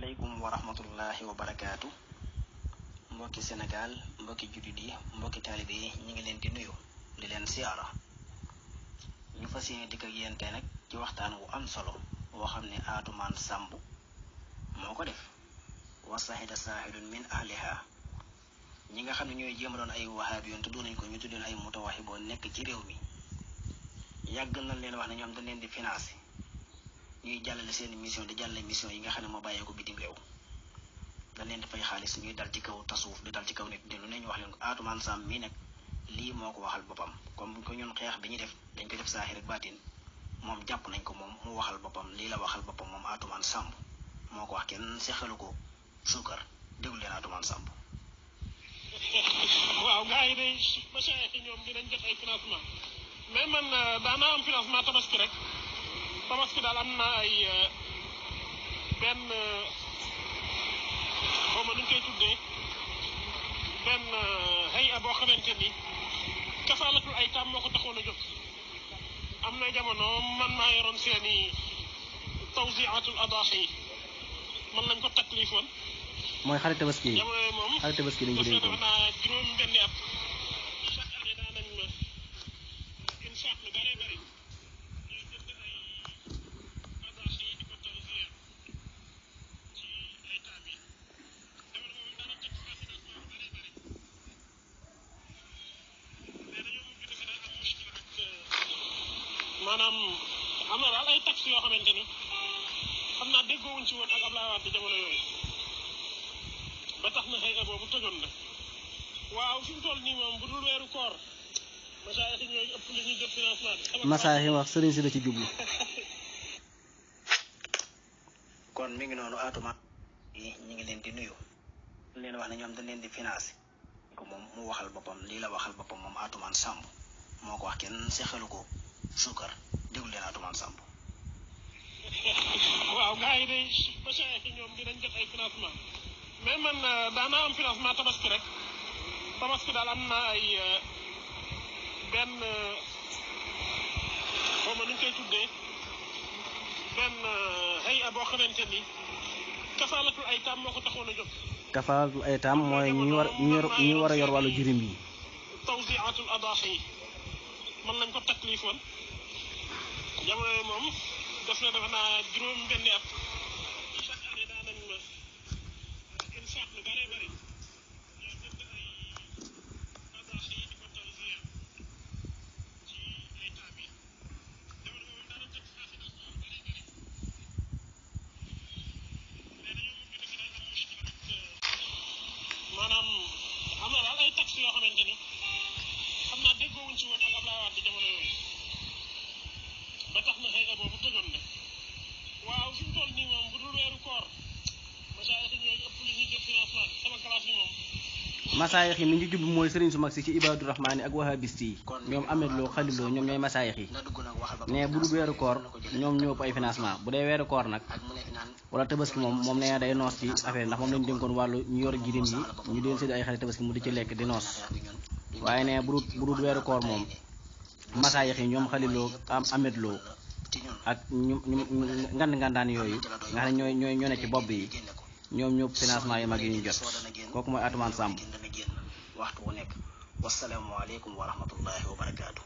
asalaamaaleykum wa rahmatullahi wa barakaatu mbokk Sénégal mbokki judi, yi mbokk taalibe ñi ngi leen di nuyu di leen siyaara ñu fasiyé dik ak yenté nak ci waxtaan wu am solo wo xamné atuman sambu moko def wa sahida saahidun min ahliha ñi nga xamné ñoy jëm doon ay wahabiyoon tuddoon nañ ko ñu tuddoon ay mutawahiboon nek ci réew mi yàgg nañ leen wax na ñom dañ leen di financer ñuy jàllale seen mission di jàllale mission yi nga xam ne moo bàyyee bitim réew dañ leen xaalis ñuy dal ci kaw tasuuf di dal ci kaw nit di ne ñu wax leen ko Atoumane Samb mii nag lii moo ko waxal boppam comme bu ko ñun xeex bi ñuy def dañ ko def saaxir ak baatin moom jàpp nañ ko moom mu waxal boppam lii la waxal boppam moom Atoumane Samb moo ko wax kenn sexalu ko suukar déglu leen Atoumane Samb. waaw gars yi day macha ñoom dinañ jot ay financement mais man euh, daanaa am financement tabaski rek. mutterraske dall'anna ay benn xaw ma nuñ koy tuddee benn xëy a boo xamante ni kafaalatul ay taam moo ko taxoon a jóg am na jamono man maa yoroon seen i tawsiatul adaax yi man lañ ko taklifoon mooy xarit tabaski yi xarit tabaski lañ ko dégg maanaam am na daal ay taxe yoo xamante ni xam naa déggoowuñ ci woon ak Abdoulaye Wade jamono yooyu ba tax na xëy na boobu tojoon na waaw fi mu toll nii moom bu dul weeru koor masaaxi ñooñu ëpp li ñuy jot financement bi wax sëriñ si la ci jublu kon mi ngi noonu ñi ngi leen di nuyu leen wax ne ñoom dañ leen di financé ko moom mu waxal boppam lii la waxal boppam moom moo ko wax kenn ko suukar déglu leen Atoumane Samb. waaw gars yi day Bachar yi ñoom dinañ jot ay financement mais man daanaa am financement tabaski rek tabaski daal am naa ay benn xaw ma nu ñu koy tuddee benn xëy a boo xamante ni kafaalatul ay taam moo ko taxoon a jóg. kafaalatul ay taam mooy ñi war ñi war a yor wàllu jirim yi. tawsiatul adaaxi man lañ ko taklifoon. jamono yi moom def na defe naa juróom benni at chaque année daa nañ ma gën sax lu bëree bëri ñoo jënd ay madax yi di ko tawsiya ci ay taam yi jamono moom daana jënd xaafinag yu bëree bëri mais dañoo mujj defe naa am muskil ak euh, maanaam am na daal ay taxes yoo xamante ni xam naa déggoowuñ ci woon ak Abdoulaye Wade jamono yooyu ba tax na xëy na boobu tëjoon na waaw fi mu toll nii moom bu dul weeru koor masaayix yi ëpp li ñuy jël financement sama classe bi moom masaayix yi mi ngi jub mooy sëriñ su mag si ci ibaadu rahmaani ak wahabiste yi ñoom amet loo xaliloo ñoom ñooy yi ne bu dul weeru koor ñoom ñoo ay financement bu dee weeru koor nag wala tabaski moom moom nee day noos ci affaire ndax moom lañ dénkoon wàllu ñu yor girim yi ñu deen séddu ay xale tabaski mu di ci lekk di noos waaye ne bu dul weeru koor moom masaayix yi ñoom xaliloo am ametloo ak ñu ngand daan yooyu nga xam ne ñooy ñooy ñoo ne ci bopp yi ñoom ñëpp financement yi mag yi ñu jot kooku mooy Atoumane Samb waxtu wu nekk wasalaamaaleykum wa rahmatullahi wa barakaatu